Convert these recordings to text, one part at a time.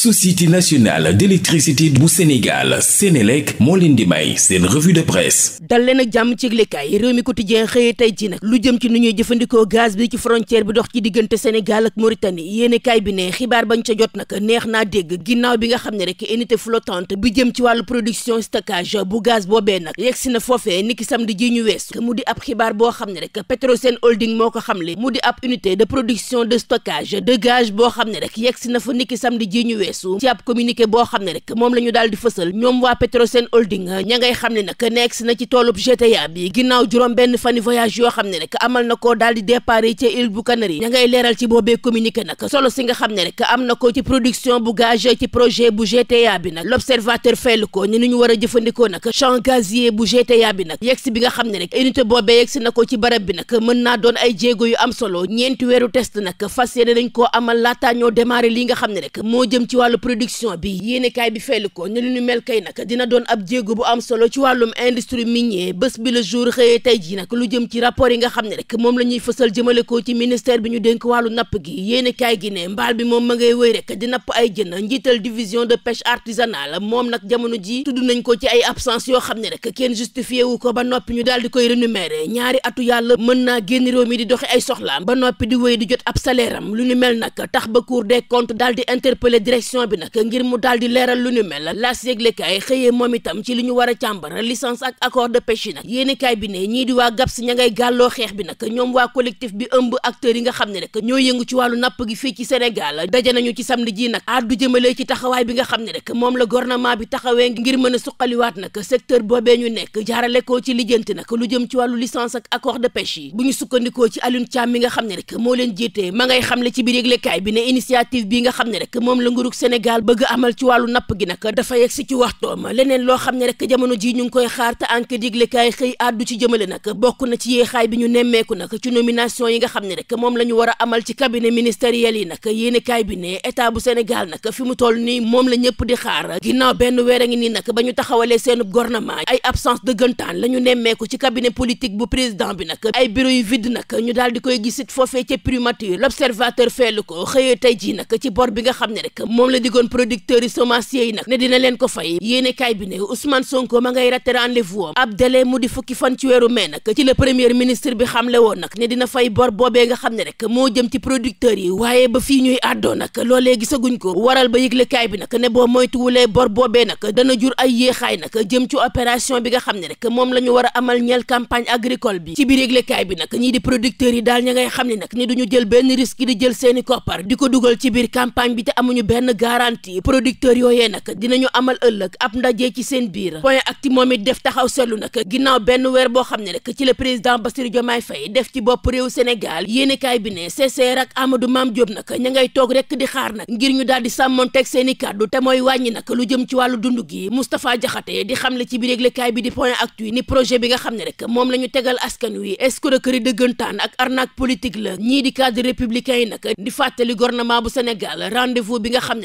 société nationale d'électricité bu Sénégal Sénélec moo leen di may seen revue de presse dal leen jàmm ci yëglekaay réew mi quotidien xëyee tey ji nag lu jëm ci nu ñuy jëfandikoo gaz bi ci frontière bi dox ci diggante Sénégal ak Mauritanie yéenekaay bi ne xibaar bañ ca jot nag neex naa dégg ginnaaw bi nga xam ne rek unité flottante bi jëm ci wàllu production stockage bu gaz boobee nag yegg si na foofee niki samedi ji ñu weesu mu di ab xibaar boo xam ne rek Petrosen Holding moo ko xamle mu di ab de production de stockage de gaz xam ne rek yegg si na fa niki samedi ji ñu weesu ci ab communiqué boo xam ne rek moom la ñu daal di fësal ñoom waa Petrosen Holding ña ngay xam ne nag nekk si na ci toolub GTA bi ginnaaw juróom benn fani voyage yoo xam ne rek amal na koo daal di départ ci île bu Canary ña ngay leeral ci boobee communiqué nag solo si nga xam ne rek am na ko ci production bu gaz ci projet bu GTA bi nag l'observateur faylu ko ñu ñu war a jëfandikoo nag champ gazier bu GTA bi nag yegsi bi nga xam ne rek unité boobee yegsi na ko ci barab bi nag mën doon ay jéego yu am solo ñeenti weeru test nag fas yéene nañ koo amal laataa ñoo démarrer li nga xam ne rek moo jëm ci wàllu production bi yéenekaay bi fell ko ne lu ñu mel kay nag dina doon ab jéego bu am solo ci wàllum industrie minier bés bi le jour xëyee tey jii nag lu jëm ci rapport yi nga xam ne rek moom la ñuy fësal jëmale ko ci ministère bi ñu dénk wàllu napp gi yéenekaay gi ne mbaal bi moom ma ngay wéy rek di napp ay jën njiital division de pêche artisanale moom nag jamono ji tudd nañ ko ci ay absence yoo xam ne rek kenn justifié wu ko ba noppi ñu daal di koy rémunéré ñaari atu yàlla mën naa génn réew mi di doxi ay soxlaam ba noppi di wéy di jot ab salaire lu ñu mel nag tax ba cour des daal di interpeller direction commission bi nag ngir mu daal di leeral lu ñu mel laas yëglekaay xëyee moom itam ci li ñu war a càmbar licence ak accord de pêche yi nag ne ñii di waa GABS ña ngay nga xam ne rek wàllu napp gi fii ci Sénégal daje nañu ci samedi ji nag addu jëmale bi nga xam ne rek moom la gouvernement bi taxawee ngir mën a suqaliwaat nag secteur boobee ñu nekk jaarale ko ci lijjanti nag lu jëm ci wàllu licence ak accord de pêche yi bu ñu sukkandikoo ci Alioune Thiam xam ne rek moo leen jiite ma ngay xamle ci biir yëglekaay bi ne initiative bi nga xam ne rek moom la ngurug Sénégal bëgg amal ci wàllu napp gi nag dafa yegg si ci waxtoom leneen loo xam ne rek jamono ji ñu ngi koy xaar te enquête yëglekaay xëy àddu ci jëmale nag bokk na ci yeexaay bi ñu nemmeeku nag ci nomination yi nga xam ne rek moom la ñu war a amal ci cabinet ministériel yi nag yéenekaay bi ne état bu Sénégal nag fi mu toll nii moom la ñëpp di xaar ginnaaw benn weer a ngi nii nag ba ñu taxawalee seen gouvernement ay absence dëggantaan la ñu nemmeeku ci cabinet politique bu président bi nag ay bureau yu daal di koy gisit foofee ca primature l'observateur feelu ko xëyee tey ji nag ci bor bi nga xam ne rek moom la digoon producteurs yi semenciers yi nag ne dina leen ko fay yéene bi ne ab délai mu di fukki fan ci weeru mai nag ci la premier ministre bi xamle woon nag ne dina fay bor boobee nga xam ne rek moo jëm ci producteurs yi waaye ba fii ñuy àddoo nag loolee gisaguñ ko waral ba yëgle bi nag ne boo moytuwulee bor boobee nag dana jur ay yéexaay nag jëm ci opération bi nga xam ne rek moom la ñu war a amal ñeel campagne agricole bi ci biir yëgle bi yi garantie producteurs yooyee nag dinañu amal ëllëg ab ndaje ci seen biir point acti moom it def taxaw seetlu nag ginnaaw benn weer boo xam ne rek ci la président Bassirou Diomaye Faye def ci bopp réew Sénégal yéenekaay bi ne CCR ak amadu maam Diop nag ña ngay toog rek di xaar nag ngir ñu daal di sàmmoonteeg seen i kàddu te mooy wàññi nag lu jëm ci wàllu dund gi Moustapha Diakhaté di xam xamle ci biir yëglekaay bi di point actu ni projet bi nga xam ne rek moom la ñu tegal askan wi escroquerie dëggantaan ak arnaque politique la ñii di cadre républicain yi nag di fàttali gouvernement bu Sénégal rendez-vous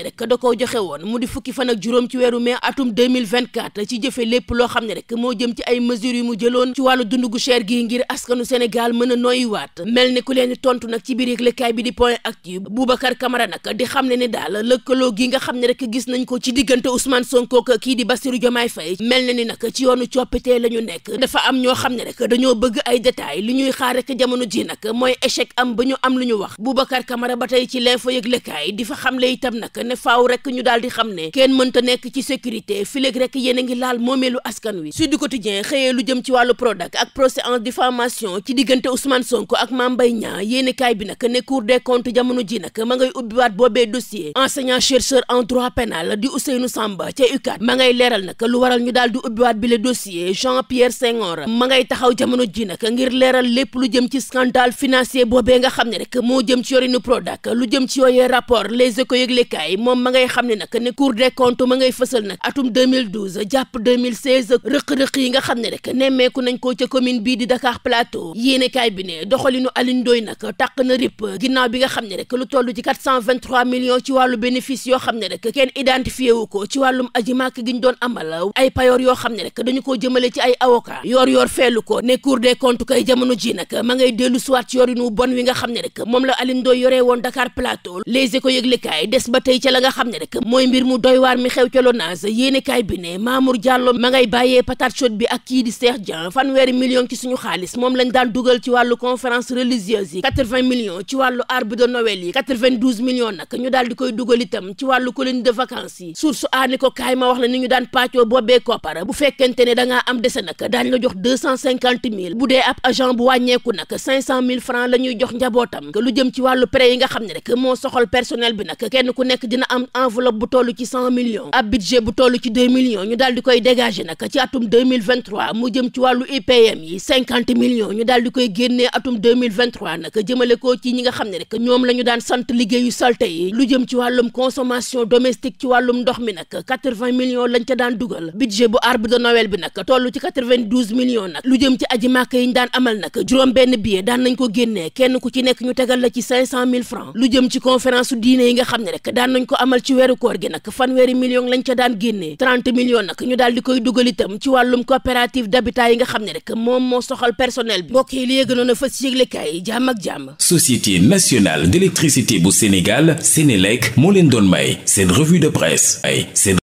rek da koo joxe woon mu di fukki fan ak juróom ci weeru mai atum mille 2024 ci jëfe lépp loo xam ne rek moo jëm ci ay mesures yu mu jëloon ci wàllu dund gu cher gi ngir askanu Sénégal mën a noyyiwaat mel ni ku leen tontu nag ci biir lekkaay bi di point actu Boubacar Camara nag di xam ne ni daal lëkkaloo gi nga xam ne rek gis nañ ko ci diggante Ousmane Sonko ak kii di Bassirou Diomaye fay mel na ni nag ci yoonu coppite la ñu nekk dafa am ñoo xam ne rek dañoo bëgg ay détails li ñuy xaar rek jamono ji nag mooy am ba ñu am lu ñu wax Boubacar Camara ba tey ci l'info yëglekaay di fa xamle itam nag ne faaw rek ñu daal di xam ne kenn mënta nekk ci sécurité fileeg rek yéen a ngi laal moomeelu askan wi Sud Quotidien xëyee lu jëm ci wàllu Prodac ak procès en diffamation ci diggante Ousmane Sonko ak Mame Mbaye Niang yéenekaay bi nag ne Cour des comptes jamono ji nag ma ngay ubbiwaat boobee dossier enseignant chercheur en droit pénal di Ousseynou Samba ca UCAD ma ngay leeral nag lu waral ñu daal di ubbiwaat bi le dossier Jean Pierre Senghor ma ngay taxaw jamono ji nag ngir leeral lépp lu jëm ci scandale financier boobee nga xam ne rek moo jëm ci yorinu Prodac lu jëm ci yooyee rapport les éco yëglekaay moom ma ngay xam ne nag ne Cour des comptes ma ngay fësal nag atum 2012 jàpp 2016 rëq-rëq yi nga xam ne rek nemmeeku nañ ko ci commune bii di Dakar Plateau yéenekaay bi ne doxalinu Alioune nag taq na rip ginnaaw bi nga xam ne rek lu toll ci 423 millions ci wàllu bénéfice yoo xam ne rek kenn identifié wu ko ci wàllum aji màkk gi ñu doon amal ay payoor yoo xam ne rek dañu koo jëmale ci ay avocat yoor yoor feelu ko ne Cour des comptes kay jamono ji nag ma ngay dellu siwaat ci yorinu bon wi nga xam ne rek moom la Alioune Ndoye yoree woon Dakar Plateau les éco yëglekaay des ba tey ca la nga xam ne rek mooy mbir mu doy waar mi xew ca LONASE yéenekaay bi ne Mamour Diallo ma ngay bàyyee patate chaude bi ak kii di Cheikh Dieng fanweeri million ci suñu xaalis moom lañ daan dugal ci wàllu conférence religieuse yi 80 millions ci wàllu arbre de Noël yi 92 million nag ñu daal di koy dugal itam ci wàllu colonie de vacances yi source aani ko kaay ma wax la daan pàccoo boobee koppara bu fekkente ne da ngaa am dese nag daañu la jox 250 000 bu dee ab agent bu wàññeeku nag 500 000 la ñuy jox njabootam lu jëm ci wàllu prêt yi nga xam ne rek moo soxal personnel bi nag kenn dina am enveloppe bu toll ci cent millions ab budget bu toll ci deux ñu daal di koy dégager nag ci atum deux mille vingt trois mu jëm ci wàllu IPM yi cinquante ñu daal di koy génnee atum deux mille vingt trois nag jëmale ko ci ñi nga xam ne rek ñoom la ñu daan sant liggéeyu salte yi lu jëm ci wàllum consommation domestique ci wàllum ndox mi nag quatre vingt millions lañ ca daan dugal budget bu arbre de Noël bi nag toll ci quatre vingt douze millions nag lu jëm ci aji màkk yi ñu daan amal nag juróom benn billet daan nañ ko génnee kenn ku ci nekk ñu tegal la ci cinq cent mille lu jëm ci conférence diine yi nga xam ne rek daan nañ ko amal ci weeru koor gi nag fanweeri million lañ ca daan génnee 30 millions nag ñu daal di koy dugal itam ci wàllum coopérative d'habitat yi nga xam ne rek moom moo soxal personnel bi mbokk yi li yëgënoon a fës yëglekaay yi jàmm ak jàmm société nationale d'électricité bu Sénégal Sénélec moo leen doon may seen revue de presse ay seen